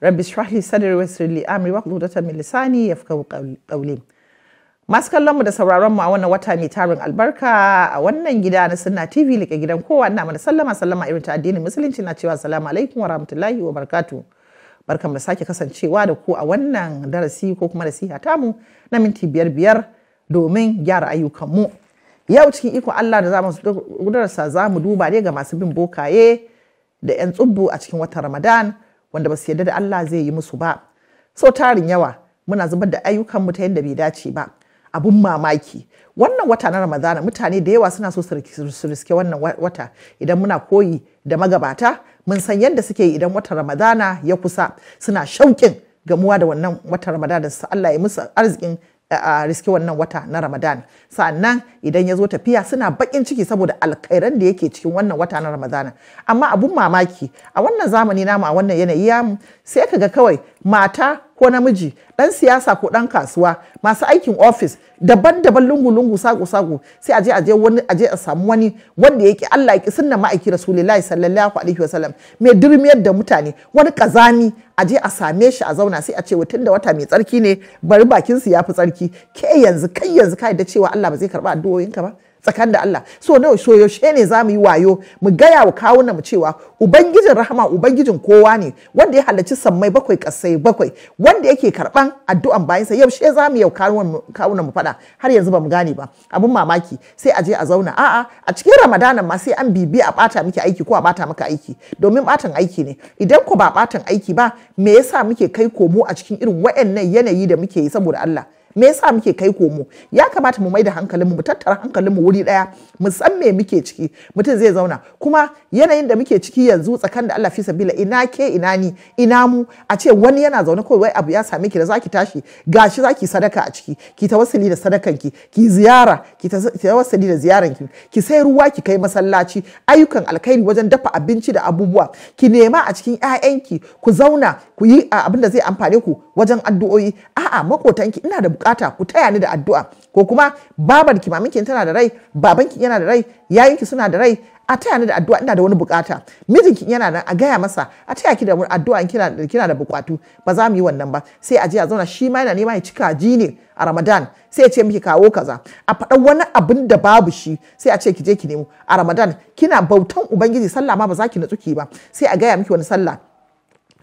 rabbi shrahli masu kallon mu da sauraron mu a wannan wata mai tarin albarka a wannan gida na sunna tv like gidan kowa ina mana sallama sallama irin ta addinin musulunci na cewa assalamu alaikum wa rahmatullahi wa barakatuh barkan da sake kasancewa da ku a wannan darasi ko kuma nasiha tamu na minti biyar biyar domin gyara ayyukan mu yau cikin iko Allah da zamu gudarsa zamu duba ne ga masu bin bokaye da 'yan tsubbu a cikin watan Ramadan wanda ba su yarda da Allah zai yi musu ba. sautarin tarin yawa muna zubar da ayyukanmu ta yadda bai dace ba. Abun mamaki. Wannan wata na Ramadana mutane da yawa suna so su riske wannan wata idan muna koyi da magabata mun san yadda suke yi idan wata Ramadana ya kusa suna shauƙin gamuwa da wannan wata Ramadana su Allah ya musu arzikin a riski wannan wata na Ramadan sannan idan ya zo tafiya suna bakin ciki saboda alkairan da yake cikin wannan wata na Ramadan amma abun mamaki a wannan zamani namu a wannan yanayi yamu sai ka ga kawai mata ko namiji dan siyasa ko dan kasuwa masu aikin ofis daban-daban lungu-lungu sago-sago, sai aje aje wani aje a samu wani wanda ya ƙi Allah ya ki sunna ma'aiki rasulullahi sallallahu alaihi wasallam mai durmiyar da mutane wani kazami aje a same shi a zauna sai a ce tun da wata mai tsarki ne bari bakin su ya fi tsarki ke yanzu kai yanzu kai da cewa Allah ba zai karba addu'o'inka ba tsakan da Allah so nawa so yaushe ne za mu yi wayo mu gaya wa kawunan mu cewa ubangijin rahama ubangijin kowa ne wanda ya halarci sammai bakwai kasai bakwai wanda yake karban addu'an bayansa yaushe za mu yau kawunan mu faɗa har yanzu ba mu gane ba abun mamaki sai a je a zauna a'a a cikin ramadana ma sai an bibi a bata miki aiki ko a bata maka aiki domin batan aiki ne idan ko ba batan aiki ba me yasa muke kai komo a cikin irin wa'annan yanayi da muke yi saboda Allah me yasa muke kai komo ya kamata mu maida hankalinmu mu tattara hankalinmu wuri daya mu san me muke ciki mutum zai zauna kuma yanayin da muke ciki yanzu tsakan da Allah fi sabila ina ke ina ni ina mu a ce wani yana zaune kawai wai abu ya same ki da zaki tashi gashi zaki sadaka a ciki ki tawassuli da sadakanki ki ziyara ki tawassuli da ziyaranki ki sai ruwa ki kai masallaci ayyukan alkhairi wajen dafa abinci da abubuwa ki nema a cikin 'ya'yanki ku zauna ku yi abin da zai amfane ku wajen addu'o'i a'a makotanki ina da bukata ku taya ni da addu'a ko kuma babarki maminki tana da rai babanki yana da rai yayinki suna da rai a taya ni da addu'a ina da wani bukata mijinki yana nan a gaya masa a taya ki da addu'a in kina, kina da bukatu ba za mu yi wannan ba sai a je a zauna shi ma yana nema ya cika ji ne a Ramadan sai ya ce miki kawo kaza a faɗa wani abin da babu shi sai a ce ki je ki nemo a Ramadan kina bautan ubangiji sallah ma ba za ki natsu ki ba sai a gaya miki wani sallah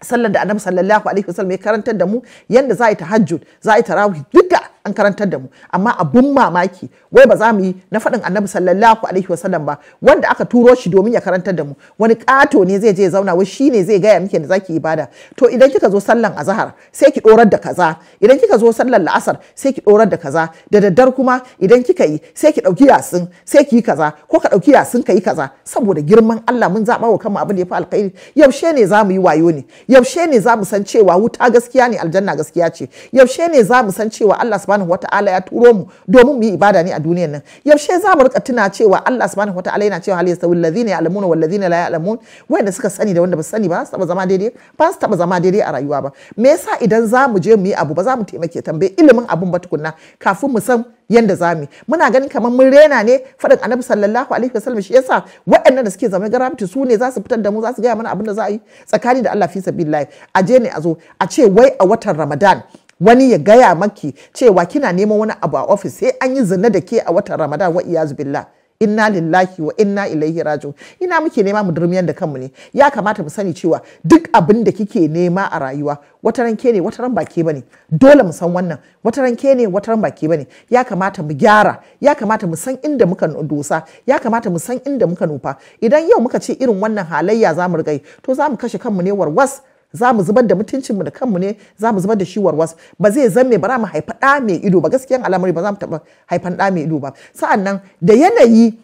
sallar da annabi sallallahu alaihi wasallam ya karantar da mu yanda za a yi tahajjud za a yi tarawih duk da an karantar da mu amma abun mamaki wai ba za mu yi na faɗin annabi sallallahu alaihi wasallam ba wanda aka turo shi domin ya karantar da mu wani ƙato ne zai je zauna wai shi ne zai gaya miki da zaki ibada to idan kika zo sallan azhar sai ki dorar da kaza idan kika zo sallan la'asar sai ki dorar da kaza da daddar kuma idan kika yi sai ki ɗauki yasin sai ki yi kaza ko ka ɗauki yasin ka yi kaza saboda girman Allah mun zaba wa kanmu abin da ya fi alkhairi yaushe ne za mu yi wayo ne yaushe ne za mu san cewa wuta gaskiya ne aljanna gaskiya ce yaushe ne za mu san cewa Allah subhanahu wata'ala ya turo mu domin mu yi ibada ne a duniyar nan yaushe za mu rika tuna cewa Allah subhanahu wata'ala yana cewa hal yasawil ladhina ya'lamuna wal ladhina la ya'lamun wanda suka sani da wanda ba su sani ba su taba zama daidai ba su taba zama daidai a rayuwa ba me yasa idan za mu je mu yi abu ba za mu taimake tambaye ilimin abun ba tukunna kafin mu san yanda za mu muna ganin kamar mun rena ne faɗin annabi sallallahu alaihi wasallam shi yasa waɗannan da suke zama garamti su ne za su fitar da mu za su gaya mana abin da za a yi tsakani da Allah fi sabilillah a je ne a zo a ce wai a watan Ramadan wani ya gaya maki cewa kina neman wani abu a ofis sai an yi zina da ke a watan ramadan wa iyazu billah inna lillahi wa inna ilaihi raji'un ina muke nema mu durmiyan da kanmu ne ya kamata mu sani cewa duk abin da kike nema a rayuwa wata ran ke ne wata ran baki bane dole mu san wannan wata ran ke ne wata ran baki bane ya kamata mu gyara ya kamata mu san inda muka dosa ya kamata mu san inda muka nufa idan yau muka ce irin wannan halayya zamu rigai to zamu kashe kanmu ne warwas za mu zubar da mutuncinmu da kanmu ne za mu zubar da shi warwas ba zai zame ba za mu haifa ɗa mai ido ba gaskiyan al'amari ba za mu taɓa haifan ɗa mai ido ba sa'an nan da yanayi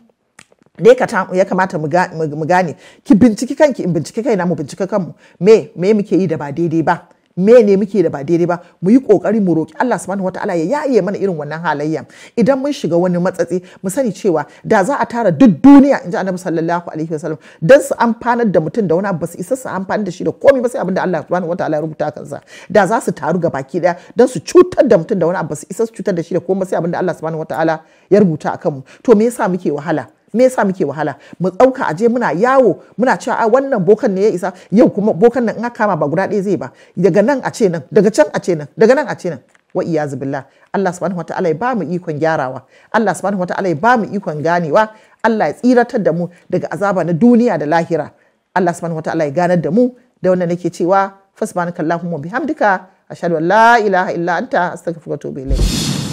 da ya kamata mu gane ki binciki kanki in binciki kaina mu binciki kanmu me me muke yi da ba daidai ba me ne muke da ba daidai ba mu yi kokari mu roki Allah subhanahu wataala ya yaye mana irin wannan halayya idan mun shiga wani matsatsi mu sani cewa da za a tara duk duniya inji Annabi sallallahu alaihi wasallam dan su amfanar da mutum da wani abu ba su isa su amfanar da shi da komai ba sai abinda da Allah subhanahu wataala ya rubuta kansa da za su taru gabaki daya dan su cutar da mutum da wani abu ba su isa su cutar da shi da komai sai abinda da Allah subhanahu wataala ya rubuta akan mu to me yasa muke wahala me yasa muke wahala mu tsauka aje muna yawo muna cewa a ah, wannan bokan ne ya isa yau kuma bokan nan in aka kama ba guda ɗaya zai ba daga nan a ce nan daga can a ce nan daga nan a ce nan wa iyazu billah Allah subhanahu wataala ya ba mu ikon gyarawa Allah subhanahu wataala ya ba mu ikon ganewa Allah ya tsiratar da mu daga azaba na duniya da lahira Allah subhanahu wataala ya ganar da mu da wannan nake cewa fasbanakallahumma bihamdika ashhadu an la ilaha illa anta astaghfiruka wa atubu ilayk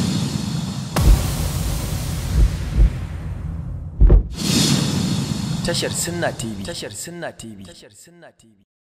tashar Sunna TV tashar Sunna TV tashar Sunna TV